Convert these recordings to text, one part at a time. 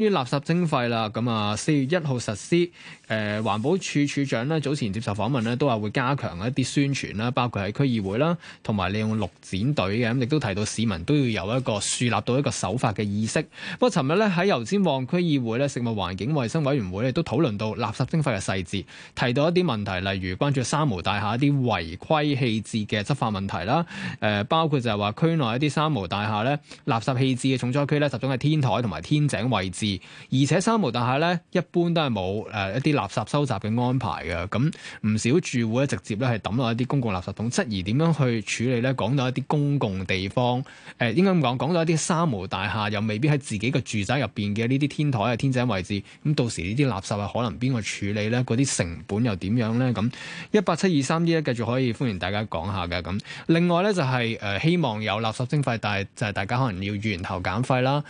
於垃圾徵費啦，咁啊四月一號實施。誒，環保署署長呢早前接受訪問呢，都話會加強一啲宣傳啦，包括喺區議會啦，同埋利用綠展隊嘅。咁亦都提到市民都要有一個樹立到一個守法嘅意識。不過，尋日呢，喺油尖旺區議會咧，食物環境衞生委員會咧，都討論到垃圾徵費嘅細節，提到一啲問題，例如關注三無大廈一啲違規棄置嘅執法問題啦。誒，包括就係話區內一啲三無大廈咧，垃圾棄置嘅重災區咧，集中喺天台同埋天井位置。而且三無大廈咧，一般都係冇一啲垃圾收集嘅安排嘅，咁唔少住戶咧直接咧係抌落一啲公共垃圾桶，質疑點樣去處理咧？講到一啲公共地方，誒、呃、應該咁講，講到一啲三無大廈又未必喺自己嘅住宅入面嘅呢啲天台啊、天井位置，咁到時呢啲垃圾啊，可能邊個處理咧？嗰啲成本又點樣咧？咁一八七二三呢，繼續可以歡迎大家講下㗎咁。另外咧就係、是呃、希望有垃圾徵費，但係就係大家可能要源頭減廢啦，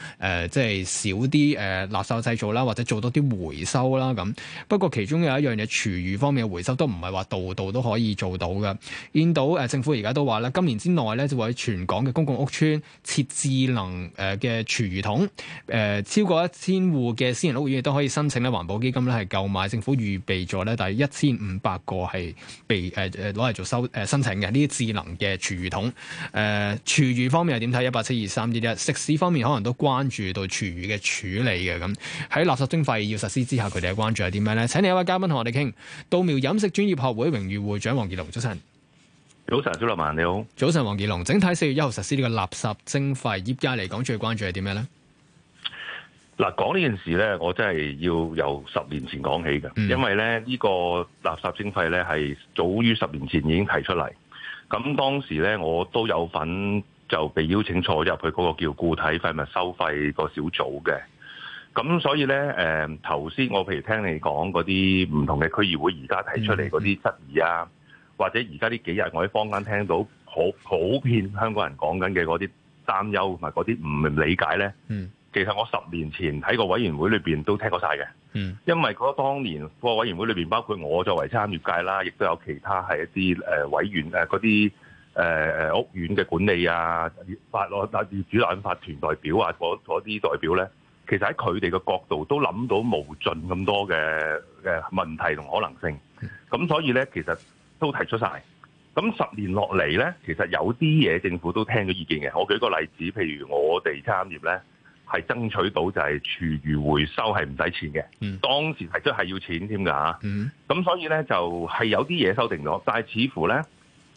即係少啲誒、呃，垃圾製造啦，或者做多啲回收啦，咁不過其中有一樣嘢，廚餘方面嘅回收都唔係話度度都可以做到嘅。見到誒、呃，政府而家都話咧，今年之內咧就會喺全港嘅公共屋邨設智能誒嘅廚餘桶。誒、呃，超過一千戶嘅私人屋苑亦都可以申請咧環保基金咧係購買。政府預備咗咧，大約一千五百個係被誒誒攞嚟做收誒、呃、申請嘅呢啲智能嘅廚餘桶。誒、呃，廚餘方面係點睇？一八七二三一一食肆方面可能都關注到廚餘嘅處理。嘅咁喺垃圾徵費要實施之下，佢哋嘅關注係啲咩咧？請你一位嘉賓同我哋傾。稻苗飲食專業學會榮譽會長黃傑龍，早晨。早晨，小立萬你好。早晨，黃傑龍。整體四月一號實施呢個垃圾徵費，業界嚟講最關注係點咩咧？嗱，講呢件事咧，我真係要由十年前講起嘅、嗯，因為咧呢個垃圾徵費咧係早於十年前已經提出嚟。咁當時咧我都有份就被邀請坐入去嗰個叫固體廢物收費個小組嘅。咁所以咧，誒頭先我譬如聽你講嗰啲唔同嘅區議會而家提出嚟嗰啲質疑啊，嗯嗯、或者而家呢幾日我喺坊間聽到好普，普遍香港人講緊嘅嗰啲擔憂同埋嗰啲唔理解咧，嗯，其實我十年前喺個委員會裏面都聽過晒嘅，嗯，因為嗰當年個委員會裏面，包括我作為餐飲界啦，亦都有其他係一啲委員嗰啲誒屋苑嘅管理啊，業主立案法團代表啊嗰啲代表咧。其實喺佢哋嘅角度都諗到無盡咁多嘅嘅問題同可能性，咁所以呢，其實都提出晒。咁十年落嚟呢，其實有啲嘢政府都聽咗意見嘅。我舉個例子，譬如我哋產業呢，係爭取到就係廚餘回收係唔使錢嘅。當時提出係要錢添㗎嚇。咁所以呢，就係、是、有啲嘢收定咗，但係似乎呢。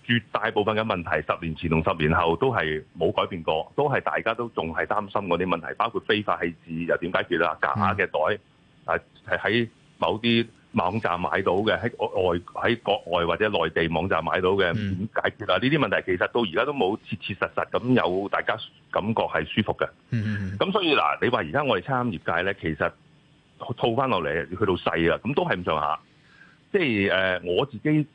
絕大部分嘅問題，十年前同十年後都係冇改變過，都係大家都仲係擔心嗰啲問題，包括非法棄置又點解決啦？假嘅袋、嗯、啊，係喺某啲網站買到嘅，喺外喺國外或者內地網站買到嘅，點、嗯、解決啊？呢啲問題其實到而家都冇切切實實咁有大家感覺係舒服嘅。咁、嗯、所以嗱，你話而家我哋餐飲業界呢，其實套返落嚟去到細啊，咁都係咁上下。即係呃、我自己。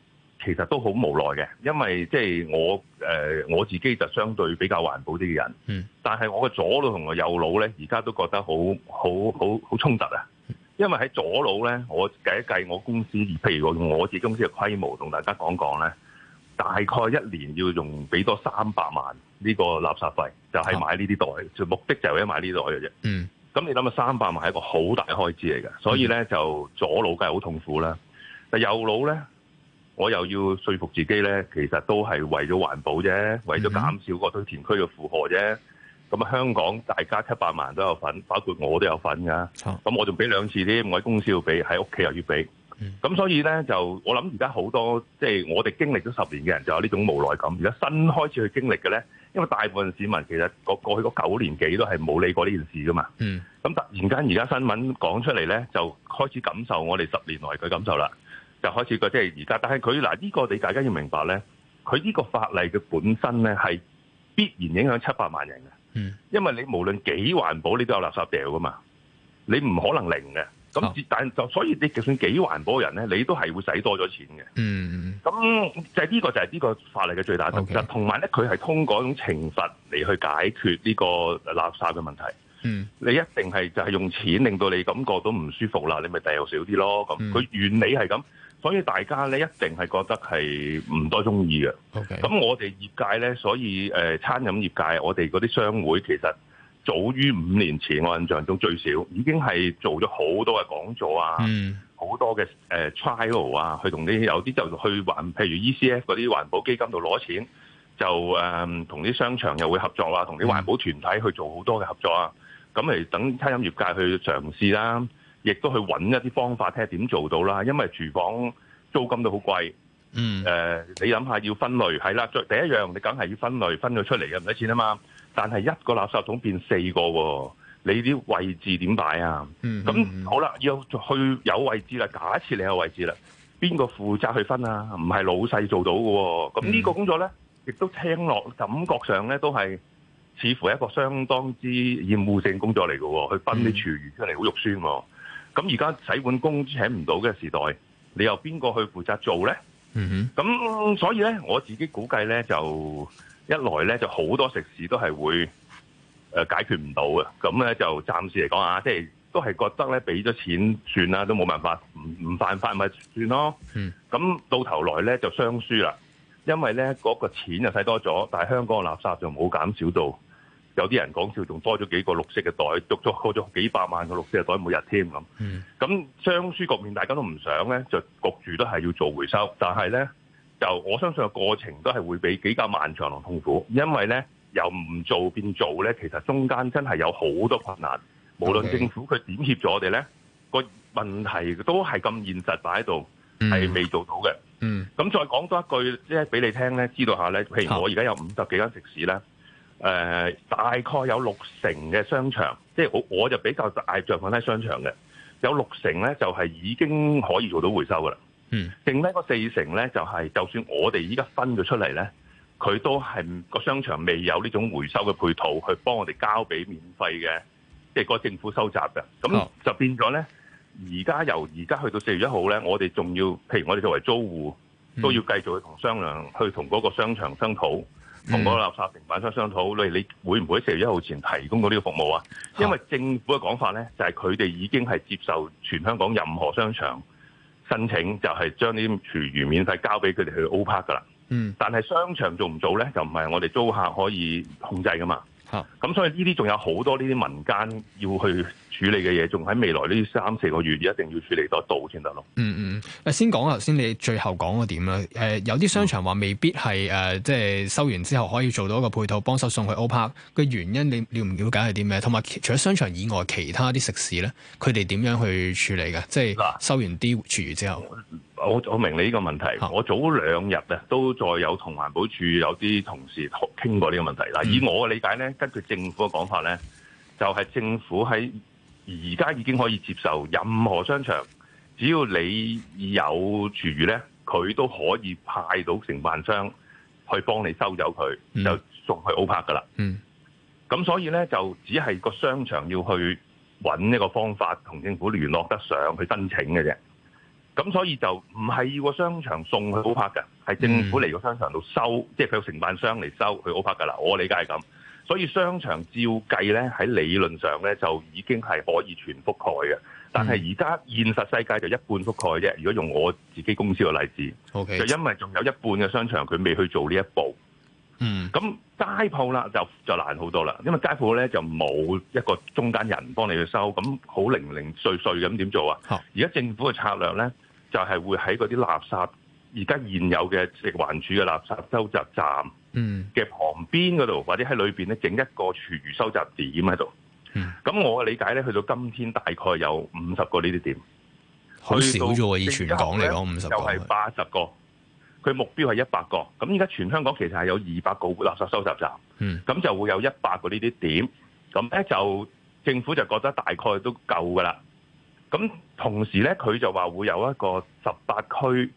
其實都好無奈嘅，因為即係我誒、呃、我自己就相對比較環保啲嘅人。嗯。但係我嘅左腦同我右腦咧，而家都覺得好好好好衝突啊！因為喺左腦咧，我計一計我公司，譬如我我自己公司嘅規模，同大家講講咧，大概一年要用俾多三百萬呢個垃圾費，就係買呢啲袋，就、啊、目的就係為咗買呢袋嘅啫。嗯。咁你諗下三百萬係一個好大開支嚟嘅，所以咧就左腦梗係好痛苦啦。但右腦咧。我又要說服自己呢，其實都係為咗環保啫，為咗減少個堆填區嘅負荷啫。咁啊，香港大家七百萬都有份，包括我都有份㗎。咁我仲俾兩次添，我喺公司要俾，喺屋企又要俾。咁所以呢，就我諗而家好多即係、就是、我哋經歷咗十年嘅人，就有呢種無奈感。而家新開始去經歷嘅呢，因為大部分市民其實過去嗰九年幾都係冇理過呢件事噶嘛。咁突然間而家新聞講出嚟呢，就開始感受我哋十年來嘅感受啦。就開始個即係而家，但係佢嗱呢個你大家要明白咧，佢呢個法例嘅本身咧係必然影響七百萬人嘅。嗯，因為你無論幾環保，你都有垃圾掉噶嘛，你唔可能零嘅。咁、哦、但就所以你就算幾環保人咧，你都係會使多咗錢嘅。嗯咁就呢、是、個就係呢個法例嘅最大特點，同埋咧佢係通過一種懲罰嚟去解決呢個垃圾嘅問題。嗯，你一定係就係用錢令到你感覺到唔舒服啦，你咪掉少啲咯。咁佢、嗯、原理係咁。所以大家咧一定係覺得係唔多中意嘅。咁、okay. 我哋業界咧，所以誒、呃、餐飲業界，我哋嗰啲商會其實早於五年前，我印象中最少已經係做咗好多嘅講座啊，好、mm. 多嘅誒、呃、trial 啊，去同啲有啲就去環，譬如 ECF 嗰啲環保基金度攞錢，就誒同啲商場又會合作啦、啊，同啲環保團體去做好多嘅合作啊，咁、mm. 嚟等餐飲業界去嘗試啦。亦都去揾一啲方法睇下點做到啦，因為廚房租金都好貴。嗯。誒、呃，你諗下要分類係啦，第一樣你梗係要分類分咗出嚟嘅唔使錢啊嘛。但係一個垃圾桶變四個喎、喔，你啲位置點擺啊？嗯。咁好啦，要去有位置啦，假設你有位置啦，邊個負責去分啊？唔係老細做到嘅喎、喔。咁呢個工作咧，亦、嗯、都聽落感覺上咧都係似乎係一個相當之厭惡性工作嚟嘅喎，去分啲廚餘出嚟好肉酸喎。嗯。咁而家洗碗工請唔到嘅時代，你又邊個去負責做呢？咁、mm -hmm. 所以咧，我自己估計咧，就一來咧就好多食肆都係會、呃、解決唔到嘅。咁咧就暫時嚟講啊，即係都係覺得咧俾咗錢算啦，都冇辦法唔唔犯法咪算咯。咁、mm -hmm. 到頭來咧就雙輸啦，因為咧嗰、那個錢就使多咗，但係香港嘅垃圾就冇減少到。有啲人講笑，仲多咗幾個綠色嘅袋，足足過咗幾百萬個綠色嘅袋每日添咁。咁雙輸局面大家都唔想咧，就焗住都係要做回收，但係咧就我相信個過程都係會比比較漫長同痛苦，因為咧由唔做變做咧，其實中間真係有好多困難。無論政府佢點協助我哋咧，個問題都係咁現實擺喺度，係、嗯、未做到嘅。咁、嗯、再講多一句咧俾你聽咧，知道下咧，譬如我而家有五十幾間食肆咧。誒、呃、大概有六成嘅商場，即係我我就比較大着放喺商場嘅，有六成咧就係、是、已經可以做到回收噶啦。嗯，剩低個四成咧就係、是，就算我哋依家分咗出嚟咧，佢都係個商場未有呢種回收嘅配套去幫我哋交俾免費嘅，即係個政府收集嘅。咁就變咗咧，而、哦、家由而家去到四月一號咧，我哋仲要，譬如我哋作為租戶，都要繼續去同商量，去同嗰個商場商討。同個垃圾平板商商討，你會唔會喺四月一號前提供到呢個服務啊？因為政府嘅講法咧，就係佢哋已經係接受全香港任何商場申請，就係將啲廚餘免費交俾佢哋去 O·PARK 噶啦。嗯，但係商場做唔做咧，就唔係我哋租客可以控制噶嘛。啊，咁所以呢啲仲有好多呢啲民間要去處理嘅嘢，仲喺未來呢三四個月，一定要處理得到先得咯。嗯嗯。先講頭先你最後講個點啦。有啲商場話未必係誒，即係收完之後可以做到一個配套，幫手送去 O Park 嘅原因，你了唔了解係啲咩？同埋除咗商場以外，其他啲食肆咧，佢哋點樣去處理㗎？即係收完啲廚餘之後。嗯我我明你呢個問題，我早兩日咧都再有同環保處有啲同事傾過呢個問題。以我嘅理解呢，根據政府嘅講法呢就係、是、政府喺而家已經可以接受任何商場，只要你有廚餘呢，佢都可以派到承辦商去幫你收走佢，就送去 O Park 噶啦。咁、mm -hmm. 所以呢，就只係個商場要去揾一個方法同政府聯絡得上去申請嘅啫。咁所以就唔係要個商場送佢好拍㗎。係政府嚟個商場度收，嗯、即係佢有承辦商嚟收佢好拍㗎噶啦。我理解係咁，所以商場照計咧喺理論上咧就已經係可以全覆蓋嘅，但係而家現實世界就一半覆蓋啫。如果用我自己公司嘅例子，okay。就因為仲有一半嘅商場佢未去做呢一步。嗯，咁街鋪啦就就難好多啦，因為街鋪咧就冇一個中間人幫你去收，咁好零零碎碎咁點做啊？而家政府嘅策略咧。就係、是、會喺嗰啲垃圾，而家現有嘅食環署嘅垃圾收集站嘅旁邊嗰度、嗯，或者喺裏邊咧整一個廚餘收集點喺度。咁、嗯、我嘅理解咧，去到今天大概有五十個呢啲點，好少咗，以全港嚟講，五十又係八十個，佢、就是、目標係一百個。咁而家全香港其實係有二百個垃圾收集站，咁、嗯、就會有一百個呢啲點。咁咧就政府就覺得大概都夠噶啦。咁同時咧，佢就話會有一個十八區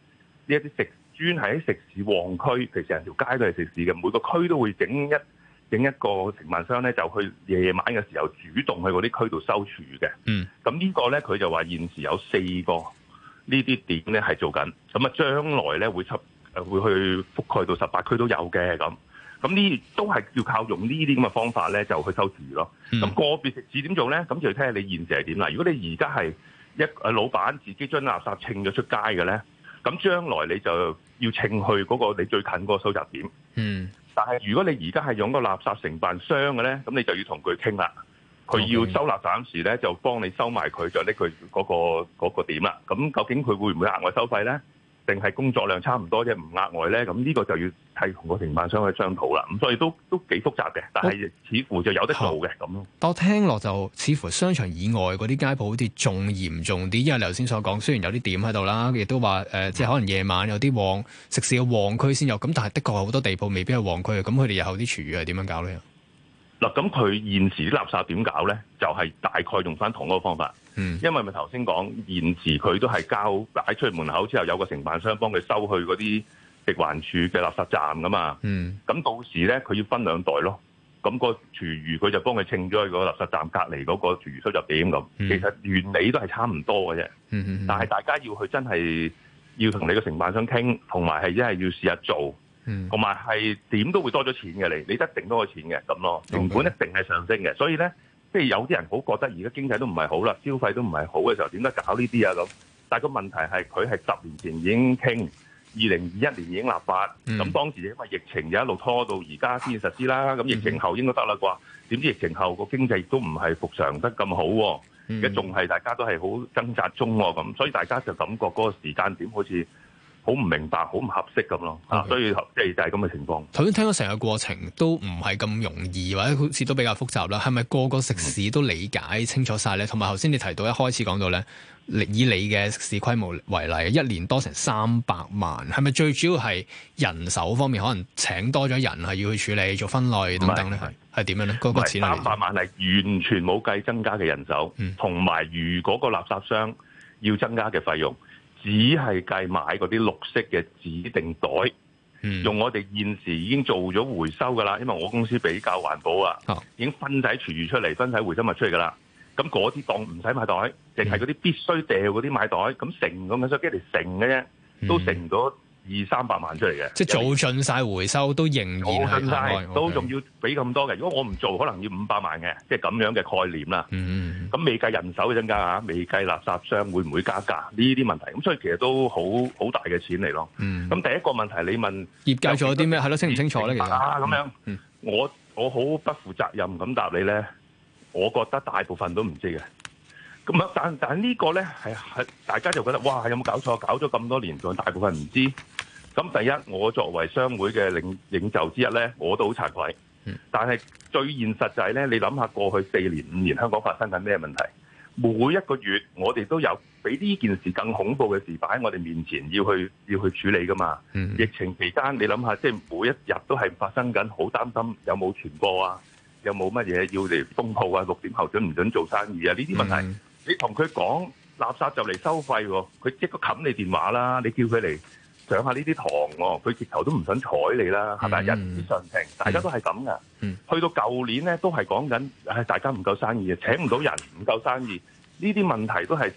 呢一啲食專係喺食肆旺區，其實成條街都係食肆嘅，每個區都會整一整一個承辦商咧，就去夜晚嘅時候主動去嗰啲區度收廚嘅。嗯，咁呢個咧，佢就話現時有四個呢啲點咧係做緊，咁啊將來咧會出十會去覆蓋到十八區都有嘅咁。咁呢都係要靠用呢啲咁嘅方法咧，就去收紙咯。咁、嗯、個別食肆點做咧？咁就要睇下你現時係點啦。如果你而家係一老闆自己將垃圾清咗出街嘅咧，咁將來你就要清去嗰個你最近嗰個收集點。嗯。但係如果你而家係用個垃圾承辦商嘅咧，咁你就要同佢傾啦。佢要收垃圾時咧，就幫你收埋佢就拎佢嗰個嗰個點啦。咁究竟佢會唔會額外收費咧？定係工作量差唔多啫，唔額外咧，咁呢個就要睇同個承辦商去商討啦。咁所以都都幾複雜嘅，但係似乎就有得做嘅咁咯。多、嗯、聽落就似乎商場以外嗰啲街鋪好似仲嚴重啲，因為頭先所講雖然有啲點喺度啦，亦都話誒，即係可能夜晚有啲旺食肆嘅旺區先有，咁但係的確有好多地鋪未必係旺區嘅，咁佢哋日後啲廚餘係點樣搞咧？嗱，咁佢現時啲垃圾點搞咧？就係、係、大概用翻同一個方法，嗯，因為咪頭先講現時佢都係交擺出去門口之後，有個承辦商幫佢收去嗰啲食環處嘅垃圾站㗎嘛，嗯，咁到時咧佢要分兩袋咯，咁個廚餘佢就幫佢稱咗去個垃圾站隔離嗰個廚餘收集點咁、嗯，其實原理都係差唔多嘅啫，嗯嗯，嗯，但係大家要去真係要同你個承辦商傾，同埋係一係要，要試下做。同埋係點都會多咗錢嘅你，你一定多咗錢嘅咁咯，成本、Okay. 一定係上升嘅，所以呢，即係有啲人好覺得而家經濟都唔係好啦，消費都唔係好嘅時候，點得搞呢啲啊咁？但係個問題係佢係十年前已經傾，二零二一年已經立法，咁、嗯、當時因為疫情就一路拖到而家先實施啦。咁疫情後應該得啦啩？點、嗯、知疫情後個經濟都唔係復常得咁好、啊，而家仲係大家都係好掙扎中咁、啊，所以大家就感覺嗰個時間點好似，好唔明白，好唔合適咁咯，啊、okay.，所以即係就係咁嘅情況。頭先聽咗成個過程都唔係咁容易，或者好似都比較複雜啦。係咪個個食肆都理解清楚晒咧？同埋頭先你提到一開始講到咧，以你嘅食肆規模為例，一年多成三百萬，係咪最主要係人手方面可能請多咗人係要去處理做分類等等咧？係係點樣咧？個個錢三百萬係完全冇計增加嘅人手，同、嗯、埋如果個垃圾箱要增加嘅費用。只係計買嗰啲綠色嘅指定袋，用我哋現時已經做咗回收㗎喇，因為我公司比較環保啊，已經分開廚餘出嚟，分開回收物出嚟㗎喇。咁嗰啲當唔使買袋，淨係嗰啲必須掉嗰啲買袋，咁成咁樣所以基嚟成嘅啫，都成咗。二三百萬出嚟嘅，即係做盡晒回收都仍然係差、okay，都仲要俾咁多嘅。如果我唔做，可能要五百萬嘅，即係咁樣嘅概念啦。嗯。咁未計人手嘅增加，未計垃圾商會唔會加價呢啲問題。咁所以其實都好好大嘅錢嚟咯。嗯。咁第一個問題，你問業界做咗啲咩？係咯，清唔清楚咧？其實咁樣。嗯、我我好不負責任咁答你咧，我覺得大部分都唔知嘅。咁啊，但但係呢個咧係係大家就覺得哇，有冇搞錯？搞咗咁多年，仲大部分唔知。咁第一，我作為商會嘅領領袖之一呢，我都好慚愧。但係最現實就係、是、呢你諗下過去四年五年香港發生緊咩問題？每一個月我哋都有比呢件事更恐怖嘅事擺喺我哋面前，要去要去處理噶嘛、嗯。疫情期間，你諗下，即係每一日都係發生緊，好擔心有冇傳播啊，有冇乜嘢要嚟封號啊？六點後准唔准做生意啊？呢啲問題，嗯、你同佢講垃圾就嚟收費喎、啊，佢即刻冚你電話啦！你叫佢嚟。上下呢啲堂，佢直頭都唔想睬你啦，係咪？人之常情，大家都係咁㗎。去到舊年咧，都係講緊，唉、哎，大家唔夠生意啊，請唔到人，唔夠生意，呢啲問題都係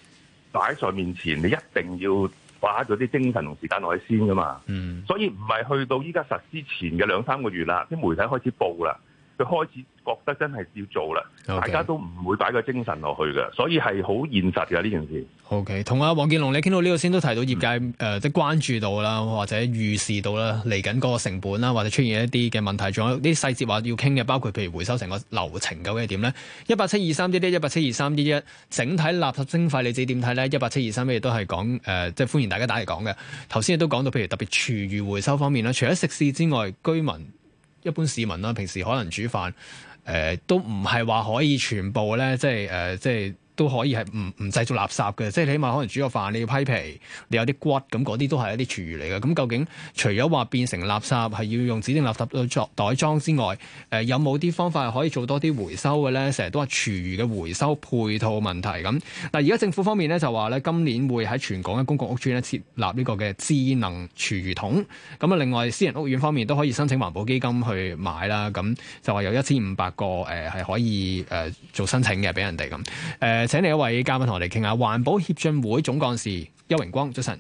擺在面前，你一定要把咗啲精神同時間落去先㗎嘛、嗯。所以唔係去到依家實施前嘅兩三個月啦，啲媒體開始報啦。佢開始覺得真係要做啦，okay. 大家都唔會擺個精神落去嘅，所以係好現實嘅呢件事。O K，同阿黃傑龍你傾到呢個先都提到業界誒，即、嗯、係、呃就是、關注到啦，或者預示到啦嚟緊嗰個成本啦，或者出現一啲嘅問題，仲有啲細節話要傾嘅，包括譬如回收成個流程究竟係點咧？一八七二三一一，一八七二三一一，整體垃圾徵費你自己點睇咧？一八七二三亦都係講誒，即、呃、係、就是、歡迎大家打嚟講嘅。頭先亦都講到，譬如特別廚餘回收方面啦，除咗食肆之外，居民。一般市民啦，平時可能煮飯，誒、呃、都唔係話可以全部咧，即係誒、呃、即係。都可以係唔唔製造垃圾嘅，即係你起碼可能煮個飯你要批皮，你有啲骨咁嗰啲都係一啲廚餘嚟嘅。咁究竟除咗話變成垃圾係要用指定垃圾袋去裝之外，呃、有冇啲方法係可以做多啲回收嘅咧？成日都話廚餘嘅回收配套問題咁。嗱而家政府方面咧就話咧今年會喺全港嘅公共屋村咧設立呢個嘅智能廚餘桶。咁啊，另外私人屋苑方面都可以申請環保基金去買啦。咁就話有一千五百個、呃、係可以、呃、做申請嘅俾人哋咁、呃請你一位嘉賓同我哋傾下，環保協進會總幹事邱榮光，早晨。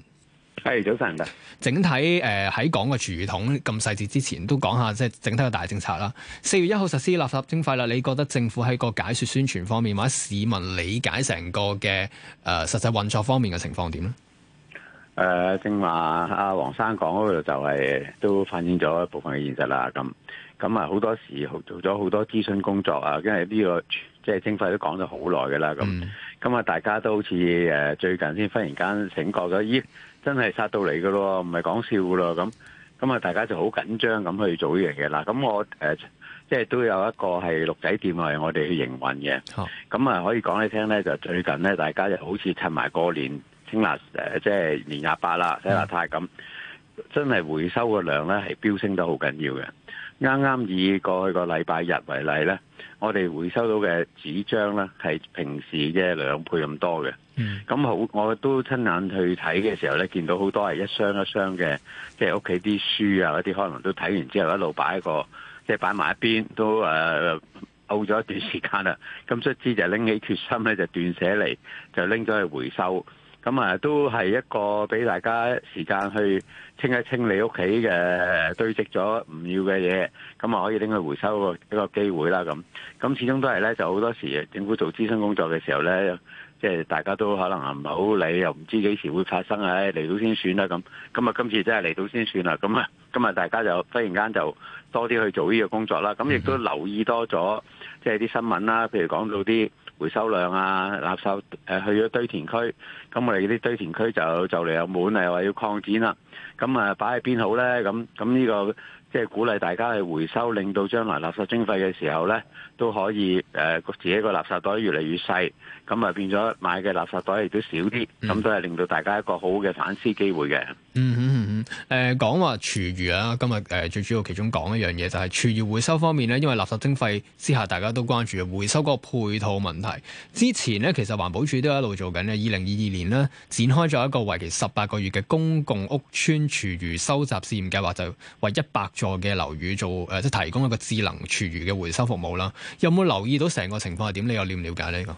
係早晨。整體誒喺，講個廚餘桶咁細節之前，都講下即係整體嘅大政策啦。四月一號實施垃圾徵費啦，你覺得政府喺個解說宣傳方面，或者市民理解成個嘅誒、呃、實際運作方面嘅情況點咧？誒、呃，正話阿黃生講嗰度就係都反映咗一部分嘅現實啦。咁咁啊，好多時做咗好多諮詢工作啊，因為呢個。即係徵費都講咗好耐㗎啦，咁咁啊，大家都好似誒最近先忽然間醒覺咗，咦，真係殺到嚟㗎咯，唔係講笑㗎咯，咁咁啊，大家就好緊張咁去做呢樣嘢啦。咁我誒即係都有一個係鹿仔店，係我哋去營運嘅，咁啊可以講你聽咧，就最近咧，大家就好似趁埋過年清啦誒，即係年廿八啦，洗邋遢咁，真係回收嘅量咧係飆升得好緊要嘅。啱啱以過去個禮拜日為例咧，我哋回收到嘅紙張咧，係平時嘅兩倍咁多嘅。咁、嗯、好，我都親眼去睇嘅時候咧，見到好多係一箱一箱嘅，即係屋企啲書啊嗰啲，可能都睇完之後一路擺個，即係擺埋一邊，都呃，漚咗一段時間啦。咁卒之就拎起決心咧，就斷捨離，就拎咗去回收。咁啊，都係一個俾大家時間去清一清你屋企嘅堆積咗唔要嘅嘢，咁啊可以拎去回收個一個機會啦。咁咁始終都係咧，就好多時政府做諮詢工作嘅時候咧，即係大家都可能唔係好理，又唔知幾時會發生，唉、哎、嚟到先算啦。咁咁啊，今次真係嚟到先算啦。咁啊，咁啊，大家就忽然間就多啲去做呢個工作啦。咁亦都留意多咗，即係啲新聞啦，譬如講到啲。回收量啊，垃圾、呃、去咗堆填區，咁我哋啲堆填區就就嚟有滿，又話要擴展啦。咁啊，擺喺邊好咧？咁咁呢個即係、就是、鼓勵大家去回收，令到將來垃圾徵費嘅時候咧，都可以誒、呃、自己個垃圾袋越嚟越細，咁啊變咗買嘅垃圾袋亦都少啲，咁都係令到大家一個好嘅反思機會嘅。嗯哼哼嗯，誒、嗯嗯嗯、講話廚餘啊，今日誒最主要其中講一樣嘢就係廚餘回收方面咧，因為垃圾徵費之下，大家都關注回收嗰個配套問題。之前咧，其實環保署都一路做緊咧，二零二二年咧展開咗一個為期十八個月嘅公共屋邨廚餘收集試驗計劃，就是、為一百座嘅樓宇做、呃、即提供一個智能廚餘嘅回收服務啦。有冇留意到成個情況係點？你有了唔瞭解呢、呢個？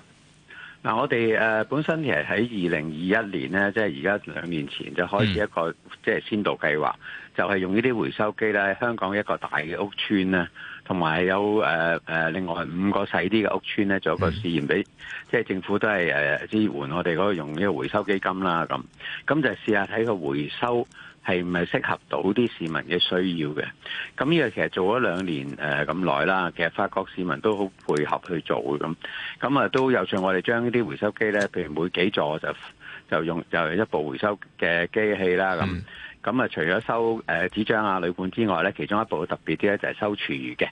嗱、啊，我哋誒、呃、本身其實喺二零二一年咧，即係而家兩年前就開始一個、嗯、即係先導計劃，就係、是、用呢啲回收機咧，香港一個大嘅屋邨咧。同埋有誒、呃、另外五個細啲嘅屋邨咧，做個試驗俾，即係政府都係、呃、支援我哋嗰個用呢個回收基金啦咁。咁就試下睇個回收係唔係適合到啲市民嘅需要嘅。咁呢個其實做咗兩年誒咁耐啦，其實發覺市民都好配合去做嘅咁。咁啊都有上我哋將呢啲回收機咧，譬如每幾座就就用就用一部回收嘅機器啦咁。嗯咁啊，除咗收誒紙張啊、鋁罐之外咧，其中一部特別啲咧就係收廚餘嘅。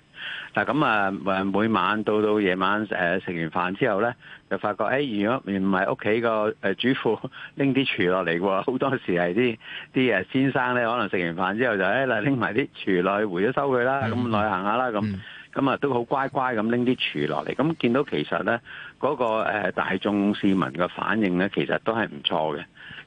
嗱咁啊，每晚到到夜晚誒食完飯之後咧，就發覺誒，如果唔係屋企個主婦拎啲廚落嚟嘅喎，好多時係啲啲先生咧，可能食完飯之後就誒啦，拎埋啲廚落回咗收佢啦，咁落去行下啦，咁咁啊都好乖乖咁拎啲廚落嚟。咁見到其實咧，嗰個大眾市民嘅反應咧，其實都係唔錯嘅。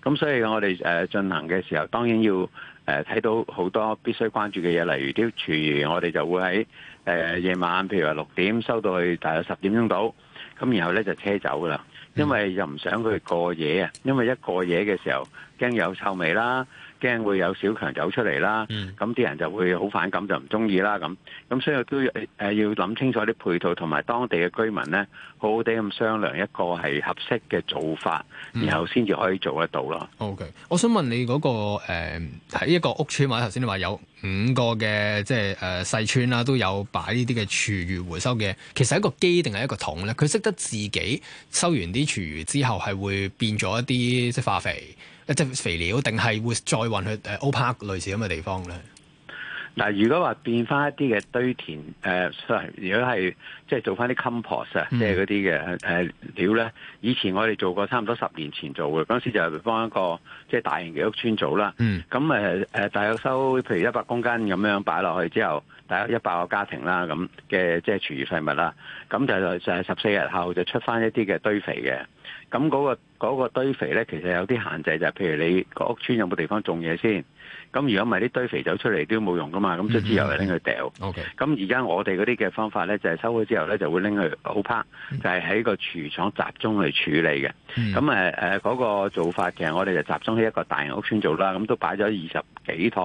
咁所以我哋進行嘅時候，當然要誒睇到好多必須關注嘅嘢，例如啲廚餘，我哋就會喺、呃、夜晚，譬如話六點收到去，大約十點鐘到，咁然後咧就車走啦，因為又唔想佢過夜啊，因為一過夜嘅時候，驚有臭味啦。驚會有小強走出嚟啦，咁、嗯、啲人就會好反感，就唔中意啦咁。咁所以都要諗清楚啲配套同埋當地嘅居民呢，好好地咁商量一個係合適嘅做法，然後先至可以做得到咯、嗯。OK，我想問你嗰、嗰個喺、呃、一個屋村話頭先你話有五個嘅即係誒細村啦，都有擺呢啲嘅廚餘回收嘅，其實一個機定係一個桶呢？佢識得自己收完啲廚餘之後，係會變咗一啲即化肥。一即係肥料，定係會再運去誒 o p 類似咁嘅地方咧？嗱，如果話變翻一啲嘅堆填、呃、如果係即係做翻啲 compost 啊，即係嗰啲嘅料咧，以前我哋做過，差唔多十年前做嘅，嗰陣時就幫一個、嗯、即係大型嘅屋邨做啦。咁、嗯、誒、呃、大約收譬如一百公斤咁樣擺落去之後，大概一百個家庭啦咁嘅即係廚餘廢物啦，咁就就係十四日後就出翻一啲嘅堆肥嘅。咁嗰、嗰個嗰、嗰個、堆肥咧，其實有啲限制就係、係，譬如你個屋村有冇地方種嘢先。咁如果唔係啲堆肥走出嚟都冇用噶嘛。咁出、嗯嗯就係、之後就拎去掉。咁而家我哋嗰啲嘅方法咧，就係收咗之後咧就會拎去 O Park 就係喺個廚廠集中去處理嘅。咁誒嗰個做法其實我哋就集中喺一個大型屋村做啦。咁都擺咗二十幾台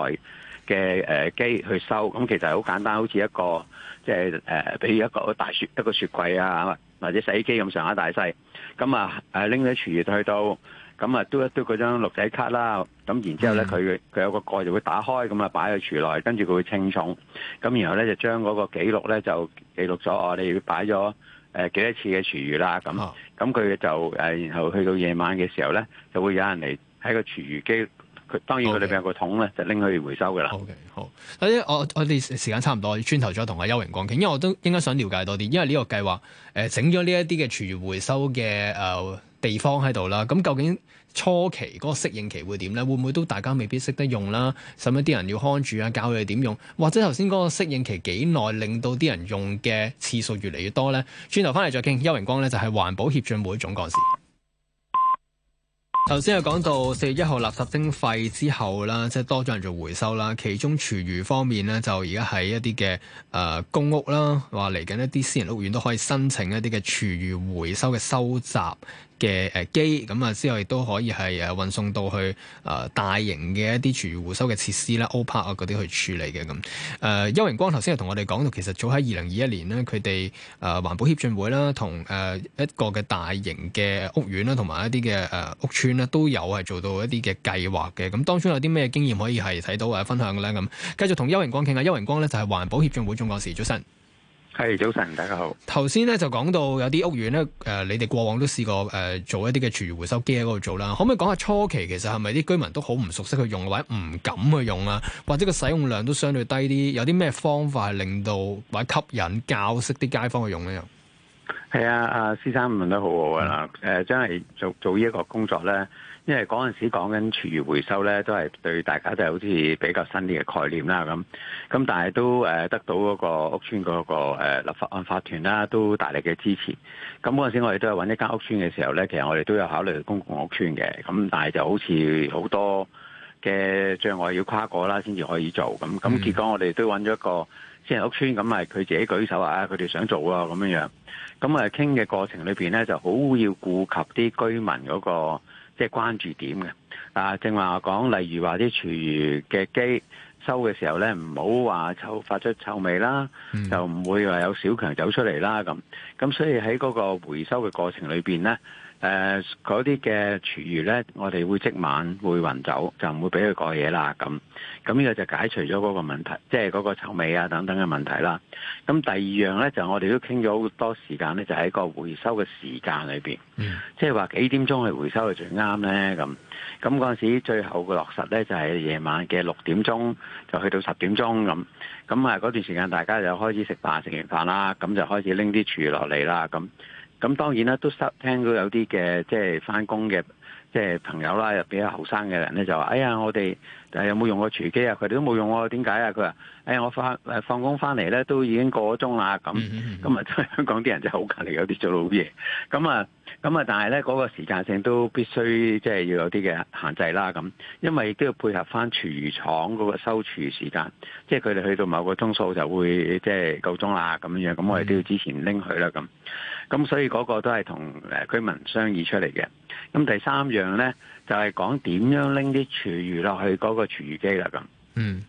嘅誒、呃、機去收。咁其實好簡單，好似一個即係誒，比如一個大雪一個雪櫃啊，或者洗衣機咁上下大細，咁啊誒拎咗廚餘去到，咁啊嘟一嘟嗰張綠仔卡啦，咁然之後咧佢佢有個蓋就會打開，咁啊擺喺廚內，跟住佢會稱重，咁然後咧就將嗰個記錄咧就，就記錄咗我哋擺咗誒幾多次嘅廚餘啦，咁咁佢就誒、啊、然後去到夜晚嘅時候咧就會有人嚟喺個廚餘機。當然佢裏邊有個桶咧，okay. 就拎去回收嘅啦。Okay, 好，好，我我哋時間差唔多，轉頭再同阿邱榮光傾，因為我都應該想了解多啲，因為呢個計劃誒、呃、整咗呢一啲嘅廚餘回收嘅誒、呃、地方喺度啦。咁究竟初期嗰個適應期會點咧？會唔會都大家未必識得用啦？使唔使啲人要看住啊，教佢哋點用？或者頭先嗰個適應期幾耐，令到啲人用嘅次數越嚟越多咧？轉頭翻嚟再傾。邱榮光咧就係環保協進會總幹事。頭先有講到四月一號垃圾徵費之後啦，即係多咗人做回收啦。其中廚餘方面咧，就而家喺一啲嘅誒公屋啦，話嚟緊一啲私人屋苑都可以申請一啲嘅廚餘回收嘅收集。嘅誒機咁啊，之後亦都可以係誒運送到去誒大型嘅一啲廚餘回收嘅設施啦、O Park 啊嗰啲去處理嘅咁。誒、呃、邱榮光頭先係同我哋講到，其實早喺二零二一年咧，佢哋誒環保協進會啦，同誒一個嘅大型嘅屋苑啦，同埋一啲嘅誒屋邨咧，都有係做到一啲嘅計劃嘅。咁當中有啲咩經驗可以係睇到或者分享嘅咧？咁繼續同邱榮光傾下。邱榮光咧就係環保協進會總幹事，早晨。係早晨，大家好。頭先咧就講到有啲屋苑咧，誒、呃，你哋過往都試過誒、呃，做一啲嘅廚餘回收機喺嗰度做啦。可唔可以講下初期其實係咪啲居民都好唔熟悉去用，或者唔敢去用啦，或者個使用量都相對低啲？有啲咩方法令到或者吸引教識啲街坊去用呢？又係啊，阿先生問得好好噶啦，誒、嗯，真、呃、係做做呢一個工作咧。因為嗰陣時講緊廚餘回收咧，都係對大家都係好似比較新啲嘅概念啦，咁咁但係都誒得到嗰個屋邨嗰個誒立法案法團啦，都大力嘅支持。咁嗰陣時我哋都係揾一間屋邨嘅時候咧，其實我哋都有考慮公共屋邨嘅，咁但係就好似好多嘅障礙要跨過啦，先至可以做咁。咁、嗯、結果我哋都揾咗一個私人屋邨，咁咪佢自己舉手啊，佢哋想做啊，咁樣樣。咁我哋傾嘅過程裏邊咧，就好要顧及啲居民嗰個。即係關注點嘅，啊，正話講，例如話啲廚餘嘅機收嘅時候咧，唔好話臭，發出臭味啦，嗯、就唔會話有小強走出嚟啦，咁，咁所以喺嗰個回收嘅過程裏邊咧。誒嗰啲嘅廚餘呢，我哋會即晚會運走，就唔會俾佢過夜啦。咁咁呢個就解除咗嗰個問題，即係嗰個臭味啊等等嘅問題啦。咁第二樣呢，就我哋都傾咗好多時間呢，就喺個回收嘅時間裏面，即係話幾點鐘去回收就最啱呢？咁。咁嗰陣時最後嘅落實呢，就係夜晚嘅六點鐘就去到十點鐘咁。咁啊嗰段時間大家就開始食飯，食完飯啦，咁就開始拎啲廚餘落嚟啦咁。咁當然啦，都收聽到有啲嘅即係翻工嘅即係朋友啦，又比較後生嘅人咧就話，哎呀，我哋誒有冇用過廚機啊？佢哋都冇用我點解啊？佢話，哎、呀，我翻放工翻嚟咧，都已經過咗鐘啦，咁咁啊！香港啲人就好勤力，有啲做老嘢。咁啊，咁啊，但係咧嗰個時間性都必須即係要有啲嘅限制啦，咁因為都要配合翻廚餘廠嗰個收廚餘時間，即係佢哋去到某個鐘數就會即係夠鐘啦，咁樣樣，咁我哋都要之前拎佢啦，咁。咁所以嗰個都係同誒居民商議出嚟嘅。咁第三樣呢就係講點樣拎啲廚餘落去嗰個廚餘機啦。咁，嗯，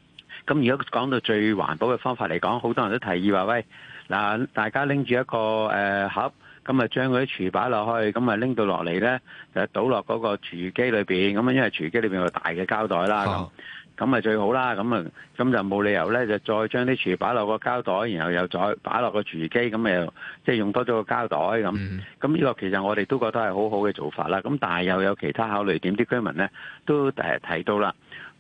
咁如果講到最環保嘅方法嚟講，好多人都提議話喂，嗱，大家拎住一個誒、呃、盒，咁啊將啲廚餘擺落去，咁啊拎到落嚟呢就倒落嗰個廚餘機裏邊。咁因為廚餘機裏邊有個大嘅膠袋啦。哦咁咪最好啦，咁啊，咁就冇理由咧，就再將啲廚擺落個膠袋，然後又再擺落個廚餘機，咁咪又即係用多咗個膠袋咁。咁呢個其實我哋都覺得係好好嘅做法啦。咁但係又有其他考慮點？啲居民咧都誒提到啦，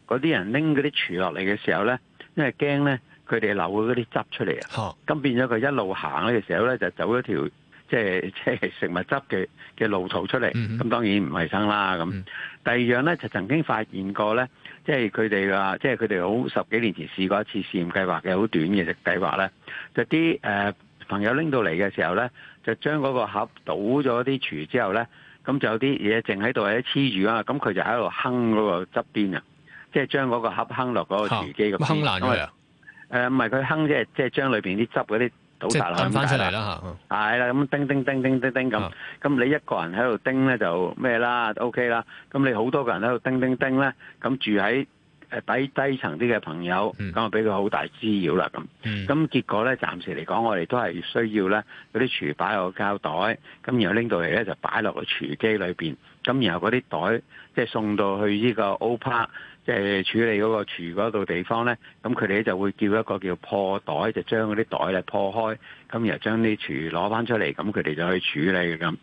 嗰啲人拎嗰啲廚落嚟嘅時候咧，因為驚咧佢哋漏嗰啲汁出嚟啊。咁、oh. 變咗佢一路行咧嘅時候咧，就走咗條即係即係食物汁嘅嘅路途出嚟。咁當然唔衞生啦。咁第二樣咧就曾經發現過咧。即係佢哋話，即係佢哋好十幾年前試過一次試驗計劃嘅好短嘅只計劃呢，就啲誒、呃、朋友拎到嚟嘅時候呢，就將嗰個盒倒咗啲廚之後呢，咁就有啲嘢淨喺度喺黐住啊，咁佢、呃、就喺度鏗嗰個側邊啊，即係將嗰個盒鏗落嗰個廚機個邊。鏗爛㗎誒，唔係佢鏗即係即係將裏邊啲汁嗰啲。即係掹翻出嚟啦嚇，係啦，咁叮叮叮叮叮叮咁，咁你一個人喺度叮咧就咩啦？OK 啦，咁你好多個人喺度叮叮叮咧，咁住喺誒底低層啲嘅朋友，咁啊俾佢好大滋擾啦咁。咁結果咧，暫時嚟講，我哋都係需要咧嗰啲廚擺落個膠袋，咁然後拎到嚟咧就擺落個廚機裏邊，咁然後嗰啲袋即係送到去呢個 O·PARK。即係處理嗰個廚餘嗰度地方呢，咁佢哋就會叫一個叫破袋，就將嗰啲袋咧破開，咁然後將啲廚餘攞翻出嚟，咁佢哋就去處理嘅咁。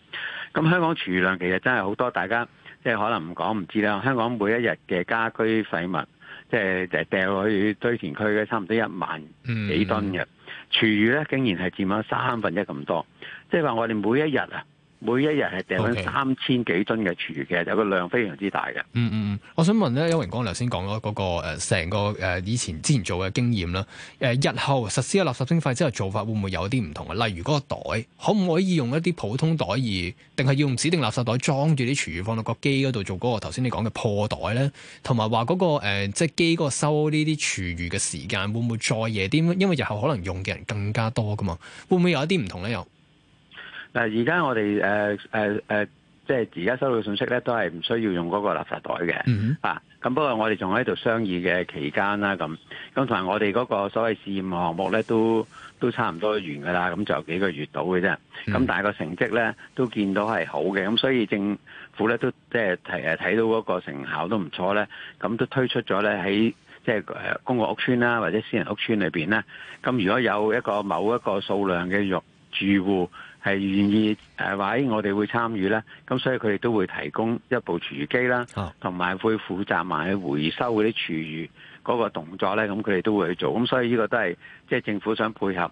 咁香港廚餘量其實真係好多，大家即係可能唔講唔知啦。香港每一日嘅家居廢物，即係掉落去堆填區嘅差唔多一萬幾噸嘅、嗯、廚餘呢，竟然係佔咗三分一咁多。即係話我哋每一日啊～每一日係掟翻三千幾噸嘅廚餘嘅，有個量非常之大嘅。嗯嗯我想問咧，邱榮光頭先講咗嗰個成、呃、個誒以、呃、前之前做嘅經驗啦。誒、呃、日後實施嘅垃圾徵費之後做法會唔會有啲唔同啊？例如嗰個袋可唔可以用一啲普通袋，而定係要用指定垃圾袋裝住啲廚餘放到個機嗰度做嗰個頭先你講嘅破袋咧？同埋話嗰個、呃、即係機嗰個收呢啲廚餘嘅時間會唔會再夜啲？因為日後可能用嘅人更加多噶嘛，會唔會有一啲唔同咧？又？嗱，而家我哋誒誒即係而家收到信息咧，都係唔需要用嗰個垃圾袋嘅，mm -hmm. 啊，咁不過我哋仲喺度商議嘅期間啦，咁，咁同埋我哋嗰個所謂試驗項目咧，都都差唔多完噶啦，咁就有幾個月到嘅啫，咁、mm -hmm. 但係個成績咧都見到係好嘅，咁所以政府咧都即係睇睇到嗰個成效都唔錯咧，咁都推出咗咧喺即係公共屋邨啦或者私人屋邨裏邊咧，咁如果有一個某一個數量嘅住住戶。係願意誒或者、呃、我哋會參與咧，咁所以佢哋都會提供一部廚餘機啦，同、oh. 埋會負責埋去回收嗰啲廚餘嗰個動作咧，咁佢哋都會去做。咁所以呢個都係即係政府想配合呢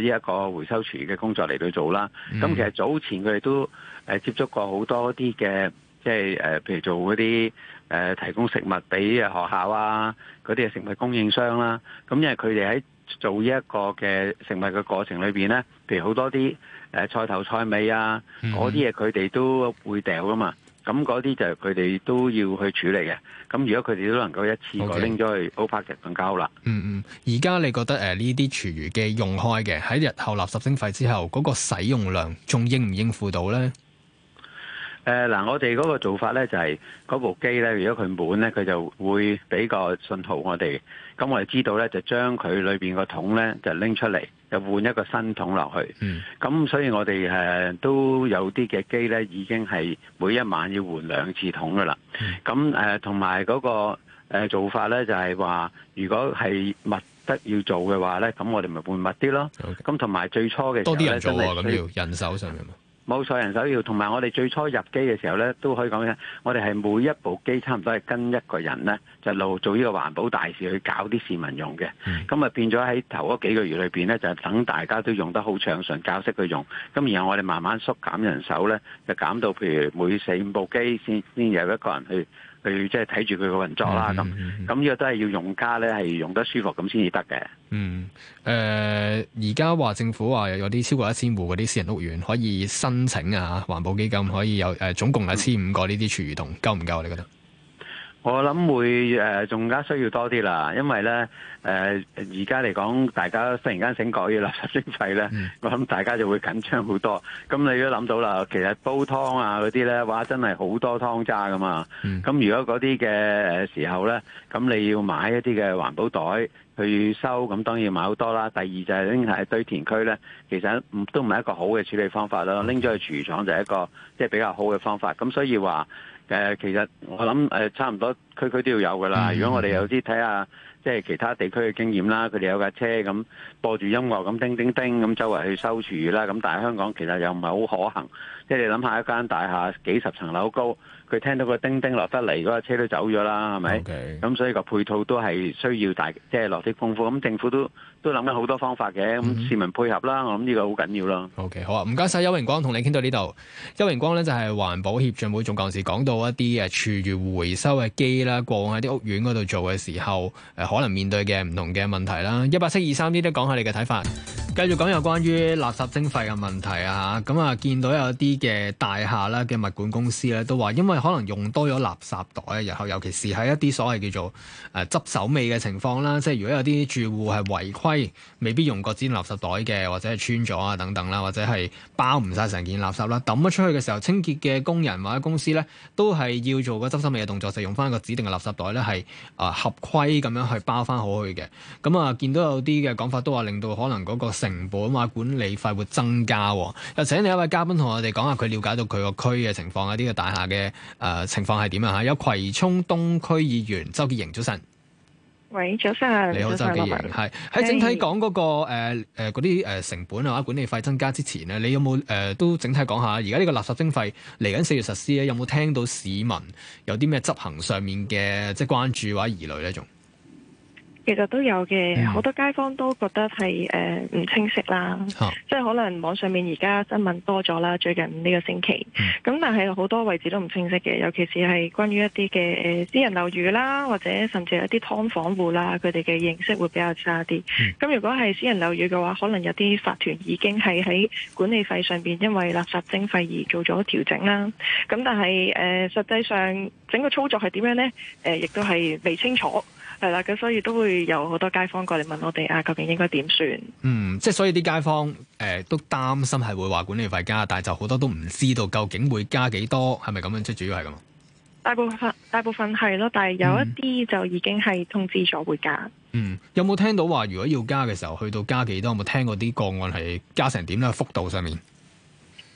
一個回收廚餘嘅工作嚟到做啦。咁其實早前佢哋都接觸過好多啲嘅，即係誒譬如做嗰啲誒提供食物俾學校啊，嗰啲食物供應商啦、啊。咁因為佢哋喺做呢一個嘅食物嘅過程裏面咧，譬如好多啲。誒，菜頭菜尾啊，嗰啲嘢，佢哋都會掉噶嘛，咁嗰啲就佢哋都要去處理嘅。咁如果佢哋都能夠一次過拎咗去 O Park 嘅，更加好啦。嗯嗯,而家你覺得誒呢啲廚餘機用開嘅，喺日後垃圾徵費之後，嗰，那個使用量仲應唔應付到咧？誒、呃、嗱，我哋嗰個做法咧就係、是、嗰部機咧，如果佢滿咧，佢就會俾個信號我哋。咁我哋知道咧，就將佢裏面個桶咧就拎出嚟，就換一個新桶落去。咁、嗯、所以我哋誒、呃、都有啲嘅機咧，已經係每一晚要換兩次桶噶啦。咁同埋嗰個、呃、做法咧，就係、是、話如果係密得要做嘅話咧，咁我哋咪換密啲咯。咁同埋最初嘅多啲人做喎、啊，咁要人手上面。冇錯，人手要同埋我哋最初入機嘅時候呢，都可以講咧，我哋係每一部機差唔多係跟一個人呢，就做做呢個環保大事去搞啲市民用嘅。咁啊變咗喺頭嗰幾個月裏面呢，就等大家都用得好暢順，教識佢用。咁然後我哋慢慢縮減人手呢，就減到譬如每四五部機先先有一個人去。佢即係睇住佢個運作啦，咁咁呢個都係要用家咧，係用得舒服咁先至得嘅。嗯，誒而家話政府話有啲超過一千戶嗰啲私人屋苑可以申請啊，環保基金可以有誒、呃、總共一千五個呢啲廚餘桶夠唔夠？你覺得夠夠？我諗會誒仲加需要多啲啦，因為咧誒而家嚟講，大家突然間醒覺要垃圾徵費咧，呢 mm. 我諗大家就會緊張好多。咁你都諗到啦，其實煲湯啊嗰啲咧，哇真係好多湯渣噶嘛。咁、mm. 如果嗰啲嘅時候咧，咁你要買一啲嘅環保袋去收，咁當然要買好多啦。第二就係拎喺堆填區咧，其實唔都唔係一個好嘅處理方法啦。拎咗去廚房就係一個即係、就是、比較好嘅方法。咁所以話。誒，其實我諗誒，差唔多區區都要有㗎啦、嗯。如果我哋有啲睇下。即係其他地區嘅經驗啦，佢哋有架車咁播住音樂咁叮叮叮咁周圍去收廚餘啦。咁但係香港其實又唔係好可行，即係你諗下一間大廈幾十層樓高，佢聽到個叮叮落得嚟，嗰架車都走咗啦，係咪？咁、okay. 所以個配套都係需要大，即係落啲功夫。咁政府都都諗緊好多方法嘅，咁市民配合啦，我諗呢個好緊要咯。OK，好啊，唔該晒。邱榮光，同你傾到呢度。邱榮光呢就係環保協進會總幹事，講到一啲誒廚餘回收嘅機啦，過往喺啲屋苑嗰度做嘅時候可能面對嘅唔同嘅問題啦，一八七二三呢都講下你嘅睇法。繼續講有關於垃圾徵費嘅問題啊，咁啊，見到有啲嘅大廈啦嘅物管公司咧都話，因為可能用多咗垃圾袋，然後尤其係喺一啲所謂叫做誒、呃、執手尾嘅情況啦，即係如果有啲住戶係違規，未必用個指定垃圾袋嘅，或者係穿咗啊等等啦，或者係包唔晒成件垃圾啦，抌咗出去嘅時候，清潔嘅工人或者公司呢，都係要做個執手尾嘅動作，就係、用翻個指定嘅垃圾袋呢，係啊、呃、合規咁樣去包翻好去嘅。咁啊見到有啲嘅講法都話令到可能嗰、嗰個。成本啊管理費會增加，又請另一位嘉賓同我哋講下佢了解到佢個區嘅情況啊，呢、這個大廈嘅誒情況係點啊？吓，有葵涌東區議員周潔瑩，早晨。喂，早晨，啊，你好，周潔瑩，係喺整體講嗰、那個誒誒嗰啲誒成本啊，管理費增加之前咧，你有冇誒、呃、都整體講下？而家呢個垃圾徵費嚟緊四月實施咧，有冇聽到市民有啲咩執行上面嘅即係關注或者疑慮咧？仲？其實都有嘅，好多街坊都覺得係誒唔清晰啦，嗯、即係可能網上面而家新聞多咗啦，最近呢個星期，咁、嗯、但係好多位置都唔清晰嘅，尤其是係關於一啲嘅誒私人樓宇啦，或者甚至係一啲劏房戶啦，佢哋嘅認識會比較差啲。咁、嗯、如果係私人樓宇嘅話，可能有啲法團已經係喺管理費上面因為垃圾徵費而做咗調整啦。咁但係誒、呃、實際上整個操作係點樣呢？誒、呃、亦都係未清楚。係啦，咁所以都會有好多街坊過嚟問我哋啊，究竟應該點算？嗯，即係所以啲街坊誒、呃、都擔心係會話管理費加，但係就好多都唔知道究竟會加幾多，係咪咁樣？即係主要係咁。大部分大部分係咯，但係有一啲就已經係通知咗會加。嗯，嗯，有冇聽到話如果要加嘅時候去到加幾多？有冇聽過啲個案係加成點咧？幅度上面？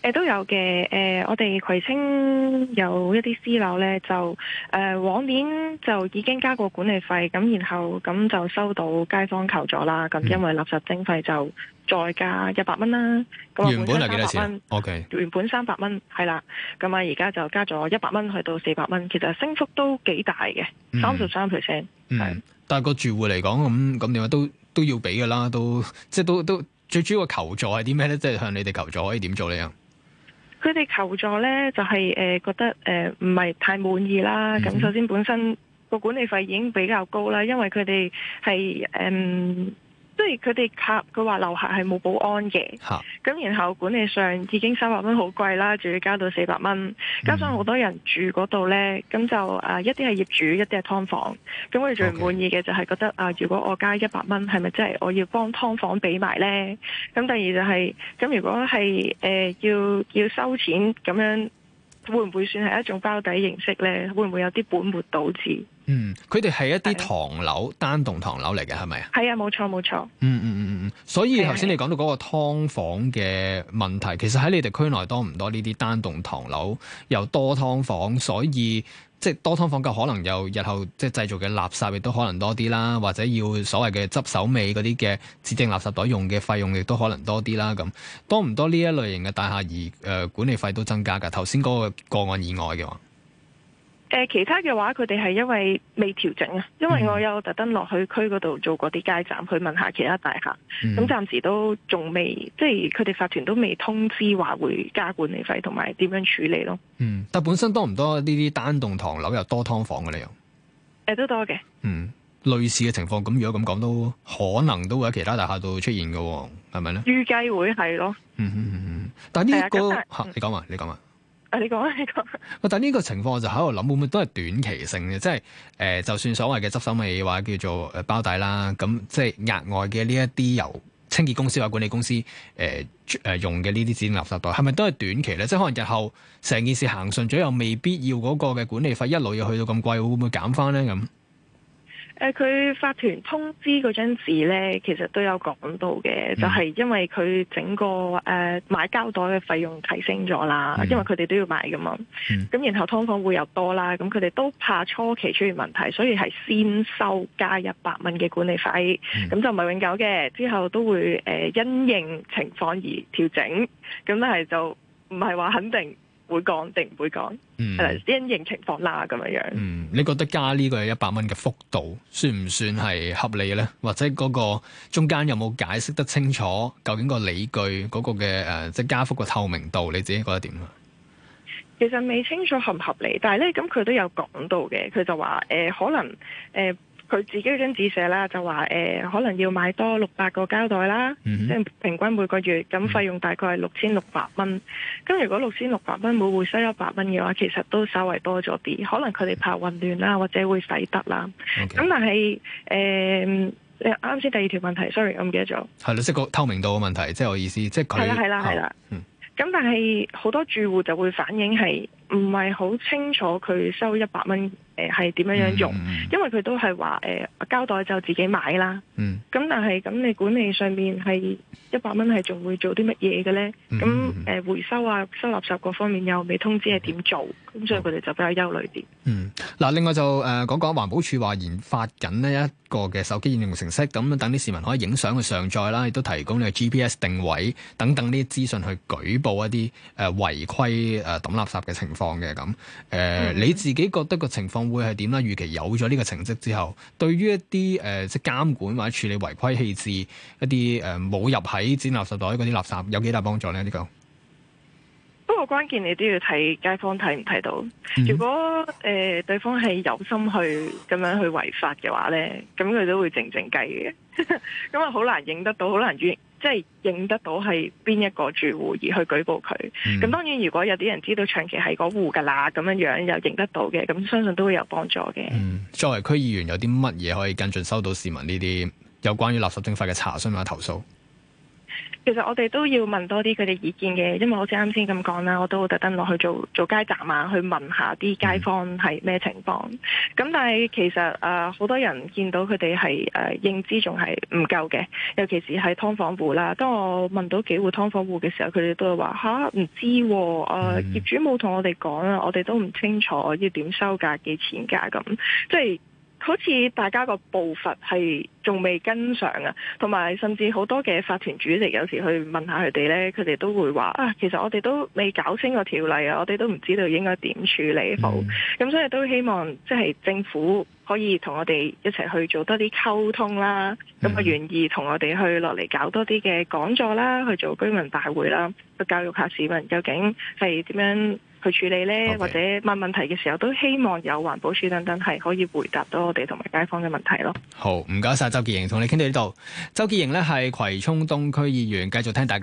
誒，都有嘅。誒、呃，我哋葵青有一啲私樓咧，就誒、呃、往年就已經加過管理費，咁然後咁就收到街坊求助啦。咁、嗯、因為垃圾徵費就再加一百蚊啦。咁原本係幾多錢？OK，原本三百蚊係啦。咁啊，而家就加咗一百蚊，去到四百蚊。其實升幅都幾大嘅，三十三 percent。嗯，嗯但係個住戶嚟講咁咁點解都都要俾噶啦，都即係都都最主要求助係啲咩咧？即係向你哋求助可以點做咧？佢哋求助呢，就係、是、誒、呃、覺得誒唔係太滿意啦。咁首先本身個管理費已經比較高啦，因為佢哋係誒。呃即係佢哋客，佢話樓下係冇保安嘅，咁然後管理上已經三百蚊好貴啦，仲要加到四百蚊，加上好多人住嗰度呢，咁就誒一啲係業主，一啲係劏房，咁我哋最唔滿意嘅就係覺得啊，okay. 如果我加一百蚊，係咪真係我要幫劏房畀埋呢？咁第二就係、是，咁如果係誒、呃、要要收錢咁樣，會唔會算係一種包底形式呢？會唔會有啲本末倒置？嗯，佢哋係一啲唐樓單棟唐樓嚟嘅，係咪啊？係啊，冇錯冇錯。嗯嗯嗯嗯嗯，所以頭先你講到嗰個劏房嘅問題，其實喺你哋區內多唔多呢啲單棟唐樓又多劏房，所以即係多劏房嘅可能又日後即係製造嘅垃圾亦都可能多啲啦，或者要所謂嘅執手尾嗰啲嘅指定垃圾袋用嘅費用亦都可能多啲啦。咁多唔多呢一類型嘅大廈而誒、呃、管理費都增加噶，頭先嗰個個案以外嘅話。誒，其他嘅話，佢哋係因為未調整啊，因為我有特登落去區嗰度做過啲街站，去問下其他大廈，咁、嗯、暫時都仲未，即係佢哋法團都未通知話會加管理費，同埋點樣處理咯。嗯，但本身多唔多呢啲單棟唐樓又多劏房嘅咧？又誒，都多嘅。嗯，類似嘅情況，咁如果咁講，都可能都會喺其他大廈度出現嘅，係咪咧？預計會係咯。嗯嗯嗯,嗯但係、這、呢個你講啊，你講啊。你啊！你講啊！你講。哇！但係呢個情況我就喺度諗，會唔會都係短期性嘅？即係誒、呃，就算所謂嘅執手尾話叫做誒包底啦，咁即係額外嘅呢一啲由清潔公司或管理公司誒誒、呃、用嘅呢啲指定垃圾袋，係咪都係短期咧？即係可能日後成件事行順咗，又未必要嗰個嘅管理費一路要去到咁貴，會唔會減翻咧？咁？誒佢法團通知嗰張紙呢，其實都有講到嘅、嗯，就係、是、因為佢整個誒、呃、買膠袋嘅費用提升咗啦、嗯，因為佢哋都要買噶嘛。咁、嗯、然後劏房會又多啦，咁佢哋都怕初期出現問題，所以係先收加一百蚊嘅管理費，咁、嗯、就唔係永久嘅，之後都會誒、呃、因應情況而調整。咁但係就唔係話肯定。會講定唔會講，係因應情況啦，咁樣樣。嗯，你覺得加呢個一百蚊嘅幅度，算唔算係合理咧？或者嗰個中間有冇解釋得清楚？究竟嗰個理據嗰個嘅誒、呃，即係加幅嘅透明度，你自己覺得點啊？其實未清楚合唔合理，但係咧，咁佢都有講到嘅。佢就話誒、呃，可能誒。呃佢自己張紙寫啦，就話、呃、可能要買多六百個膠袋啦、嗯，即係平均每個月咁費用大概係六千六百蚊。咁如果六千六百蚊每戶收一百蚊嘅話，其實都稍微多咗啲，可能佢哋怕混亂啦，或者會使得啦。咁、okay. 但係誒啱先第二條問題，sorry，我唔記得咗。係啦，即係個透明度嘅問題，即、就、係、是、我意思，即係佢。係啦，係啦，係啦。咁、嗯、但係好多住戶就會反映係。唔係好清楚佢收一百蚊，誒係點樣樣用？嗯、因為佢都係話誒膠袋就自己買啦。嗯，咁但係咁你管理上面係一百蚊係仲會做啲乜嘢嘅咧？咁、嗯、誒、呃、回收啊、收垃圾各方面又未通知係點做，咁、嗯、所以佢哋就比較憂慮啲。嗯，嗱，另外就誒講講環保署話研發緊呢一個嘅手機應用程式，咁等啲市民可以影相去上載啦，亦都提供你嘅 GPS 定位等等呢啲資訊去舉報一啲誒違規誒抌垃圾嘅情況。放嘅咁，誒、嗯、你自己覺得個情況會係點呢？預期有咗呢個成績之後，對於一啲誒即係監管或者處理違規棄置一啲誒冇入喺紙垃圾袋嗰啲垃圾，有幾大幫助呢？呢、呢個，不過關鍵你都要睇街坊睇唔睇到、嗯。如果誒、呃、對方係有心去咁樣去違法嘅話呢，咁佢都會靜靜計嘅，咁啊好難認得到，好難捉。即係認得到係邊一個住戶而去舉報佢，咁、嗯、當然如果有啲人知道長期係嗰戶㗎啦，咁樣樣又認得到嘅，咁相信都會有幫助嘅。嗯，作為區議員，有啲乜嘢可以跟進收到市民呢啲有關於垃圾徵費嘅查詢或者投訴？其實我哋都要問多啲佢哋意見嘅，因為好似啱先咁講啦，我都會特登落去做做街站啊，去問下啲街坊係咩情況。咁、嗯、但係其實誒，好、呃、多人見到佢哋係誒認知仲係唔夠嘅，尤其是喺劏房戶啦。當我問到幾戶劏房戶嘅時候，佢哋都會話吓唔知，啊、誒、呃嗯、業主冇同我哋講啊，我哋都唔清楚要點收價幾錢價咁，即係。好似大家個步伐係仲未跟上啊，同埋甚至好多嘅法團主席有時去問下佢哋呢，佢哋都會話啊，其實我哋都未搞清個條例啊，我哋都唔知道應該點處理好，咁，嗯，所以都希望即係、就是、政府。可以同我哋一齊去做多啲溝通啦，咁啊願意同我哋去落嚟搞多啲嘅講座啦，去做居民大會啦，去教育下市民究竟係點樣去處理咧，okay. 或者問問題嘅時候都希望有環保署等等係可以回答到我哋同埋街坊嘅問題咯。好，唔該晒周潔瑩同你傾到呢度。周潔瑩咧係葵涌東區議員，繼續聽大家。